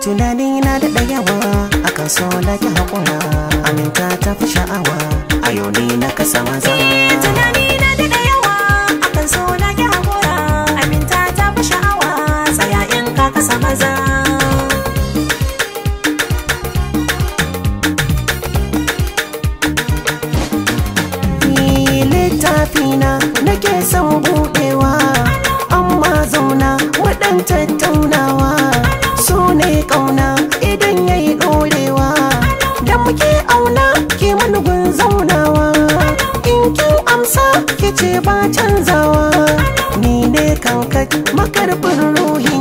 tunani na da ɗayawa a kan sola ya haƙura aminta ta fi sha'awa a yau ni na kasa maza tunani na da a kan haƙura aminta ta sha'awa ka kasa maza littafina nake son buɗe ce ba canzawa ni ne kankan makarbin ruhi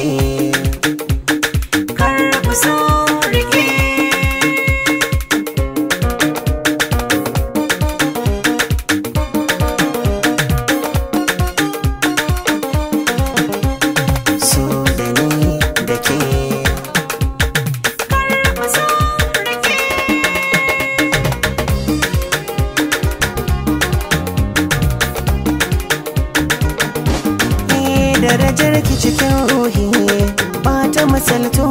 ce kar darajar ki cikin ruhi ba ta misaltu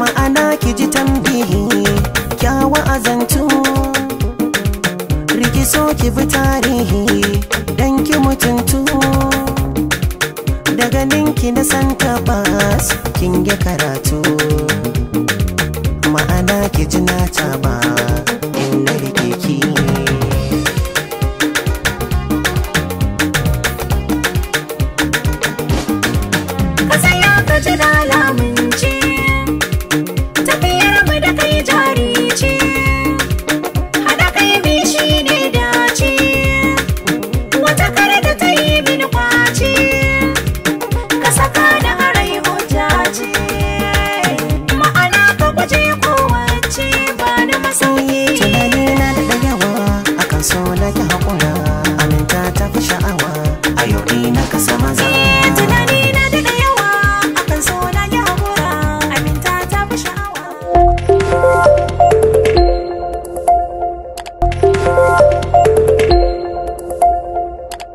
ma'ana ki ji tambihi kyawa azantu rikiso ki bi tarihi dan ki mutuntu daga ninki na santa bas kin karatu ma'ana ki ji na ta ba so na ki haƙura